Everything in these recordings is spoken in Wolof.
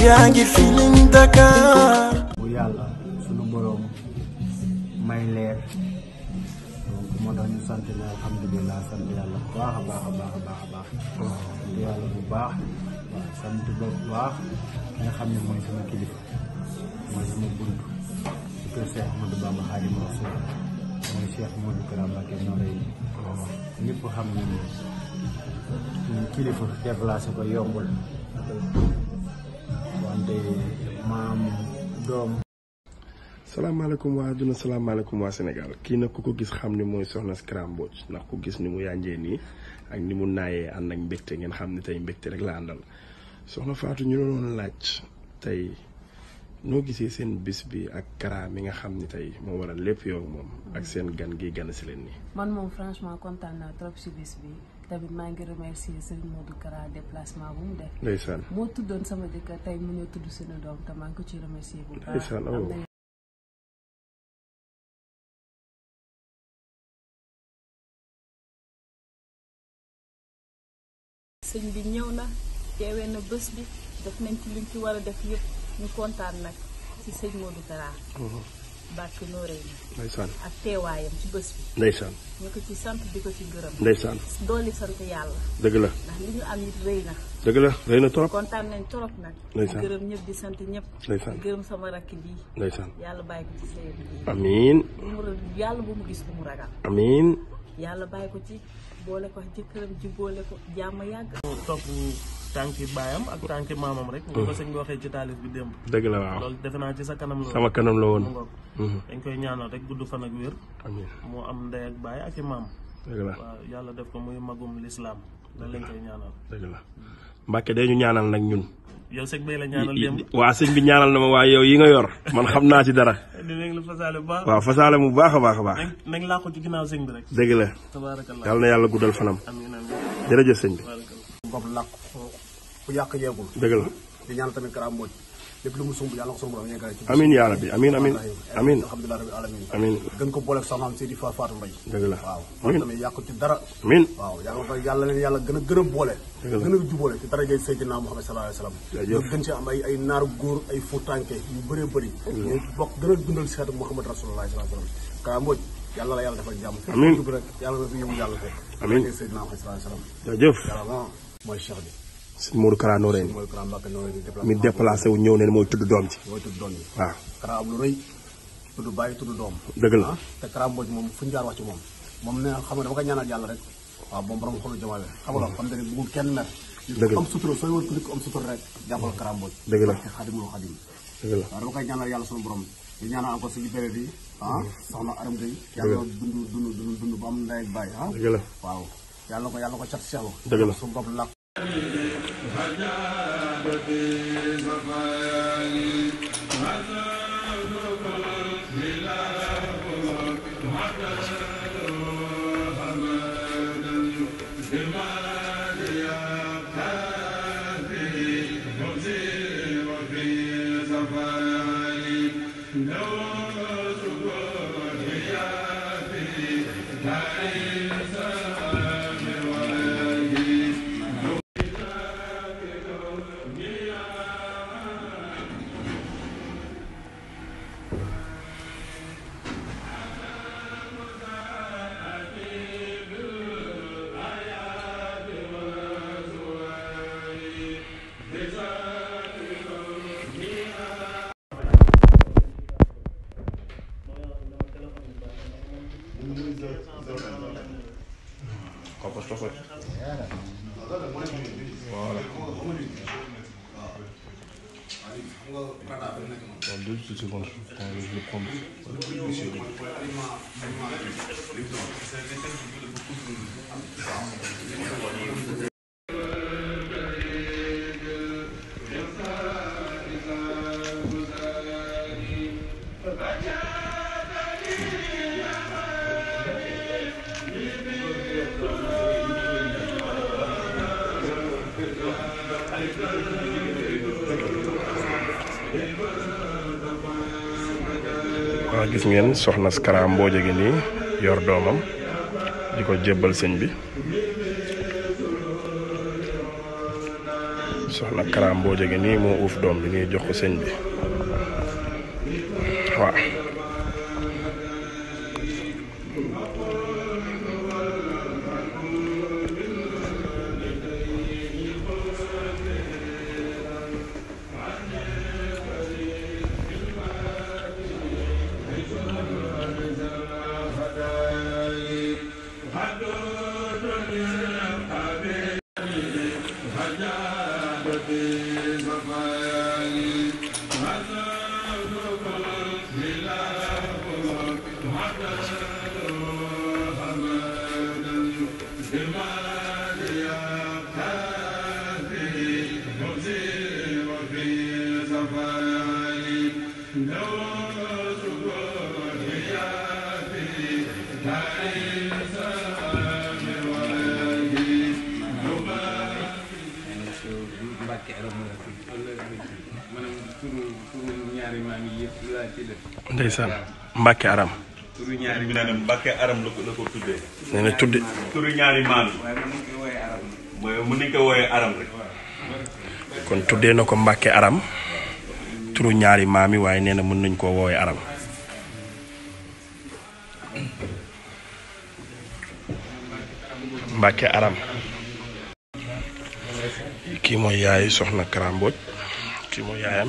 yaa ngi Feeling Dakar. bu yàlla sunu boroom may leer donc moo tax ñu sant na alhamdulilah sant yàlla bu baax a baax a baax a baax a baax. sant yàlla bu baax waaw bu baax ki nga xam ne mooy sama kilifa mooy sama bunt ci kër Cheikh Modou Bamba Khadimou Rassoul mooy Cheikh Modou Kara Mbacké Noreyni xam nañu ne kilifa wante maam doom. salaamaaleykum waa adduna salaamaaleykum waa Sénégal kii nag ku ko gis xam ni mooy soxna si Kara Mbodj ndax ku gis ni mu yànjee nii ak ni mu naayee ànd ak mbégte ngeen xam ni tey mbégte rek la àndal soxna Fatou ñu doon laaj tey noo gisee seen bis bi ak Kara mi nga xam ni tey moo waral lépp yow moom ak seen gan gi gan si leen nii. man moom franchement kontaan naa trop si bis bi. tamit maa ngi remercier sëñ Modou Kara déplacement bu mu def. ndeysaan moo tuddoon sama jëkkër tey mu ñëw tudd te maa ngi ko ciy oh. bi ñëw na na bés def nañ ci liñ ci war a def yëpp ñu kontaan nag ci sëñ Modou Kara mhm. Barke Noreyni. ndeysaan ak teewaayam ci bés bi. ndeysaan ñu ko ci sant di ko ci gërëm. ndeysaan dooli sant yàlla. dëgg la ndax li ñu am nit rëy na. dëgg la rëy na torop kontaan nañ torop nag. ndeysaan gërëm sant ñëpp. ndeysaan gërëm sama rakk bi. ndeysaan yàlla bàyyi ko ci sëy bi. amiin yàlla bu mu gis bu mu ragal. amiin yàlla bàyyi ko ci boole ko jëkkëram ji boole ko jàmm yàgg. topp tànki baayam ak tànki maamam rek. ñu ko mm. sëñ bi waxee ci taalif bi démb. dëgg la waaw defe naa ci sa kanam la. sama kanam la woon mm-hmm. dañ koy ñaanal rek gudd fan ak wér. amiin moo am ndey ak baay ak i maam. dëgg la waaw def ko muy magum lislaam lan lañ koy ñaanal. dëgg la Mbàkke dañu ñaanal nag ñun. yow sëñ bi la ñaanal démb. waa sëñ bi ñaanal na ma waaye yow yi nga yor man xam naa ci dara. la fasaale bu baax. waaw fasaale mu baax a baax a baax. nañ laa ko ci ginnaaw sëñ bi rek. dëgg la. tabaarakallah yàlla na yàlla guddal fanam. amiin amiin jërëjëf sëñ bi. ngob làkk fu yàq yeegul. dëgg la di ñaan tamit Kara lépp lu mu sumb yàlla ko sumb la ñu yegale ci. amiin yaa rabbi amiin amiin amiin alhamdulilah rabbi alamin amiin gën ko booleeg soxnaam Seydi Fa Fatou Mbaye. dëgg la waaw moom tamit yàqu ci dara. a gën a boole. dëgg la gën a jubóole ci dara jay Seydina Muhammad sallallahu alayhi wa sallam. ñu gën ci am ay ay naaru góor ay fuutànke yu bëree bëri. ñu bokk gën a dundal seetu Muhammad rasulullah sallallahu alayhi wa sallam Kara Mbodj yàlla la yàlla defal jàmm. amiin rek yàlla na fi yëngu yàlla fekk. amiin Seydina Muhammad sallallahu alayhi sëñ Modou Kara Noreyni mi déplacé wu ñëw neen mooy tudd doom ji waaw Kara am lu rëy tudd bàyyi tudd doom dëgg la ah, te Kara Mbodj moom fu ñu jaar wax moom moom ne xam nga dafa ko ñaanal yàlla rek borom xolu jamaale xam nga xam ne bëggul kenn mer dëgg la am sutura sooy wër nit ko am sutura rek jàppal Kara Mbodj dëgg la xadimul xadim dëgg la waaw dama koy yàlla suñu borom di ñaanal encore suñu bébé bi ah yàlla dund dund am ndey ak bàyyi ah dëgg la yàlla ko yàlla ko cat seexlu dëgg la suñu bopp Amen. Dans deux petites secondes, je, prends, je vais prendre. Ouais. Thank you. waa ah, gis ngeen soxna Kara Mbodje gi nii yor doomam di ko jébbal sëñ bi soxna Kara Mbodje gi nii moo uuf doom bi nii jox ko sëñ bi waaw turu turu ñaari Aram. turu ñaari bi tudde turu ñaari maam waaye mën nañ wooyee Aram. mooy Aram na ko Mbacke Aram turu ñaari maam yi waaye nee mën nañ koo wooyee Aram. Mbacke Aram. kii mooy yaayu soxna Kara kii mooy yaayam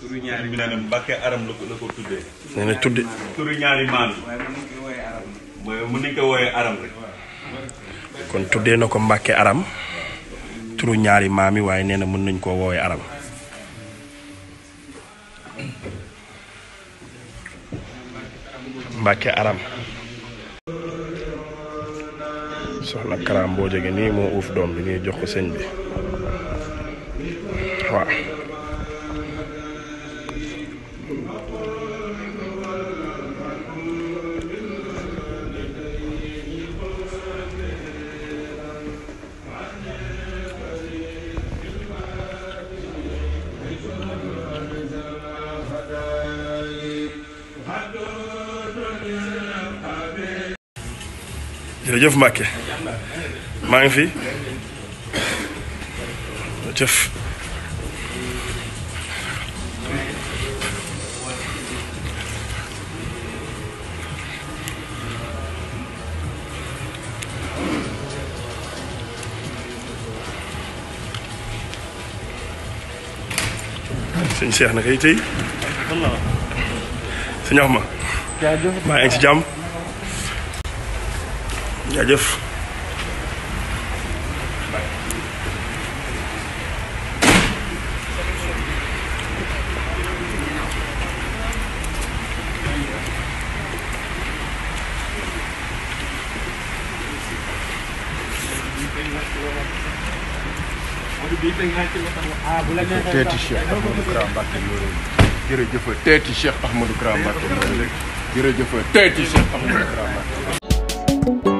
turu ñaari la ko la ko tuddee. nee turu ñaari maam kon tuddee na ko Mbacke Aram turu ñaari maam yi waaye nee na mën nañ koo woowee Aram. Mbacke Aram. soxna Karam boo jógee nii moo uuf doom bi ñuy jox ko sëñ bi waaw. jërëjëf Mbacke maa ngi fi jëf sëñ Cheikh na kay tey sëñ Axma maa ngi ci jàmm jaajëf teeti Cheikh Ahmadou Kara Mbacké Noreyni jërëjëf teeti Cheikh Ahmadou Kara Mbacké Noreyni jërëjëf teeti Cheikh Ahmadou Kara Mbacké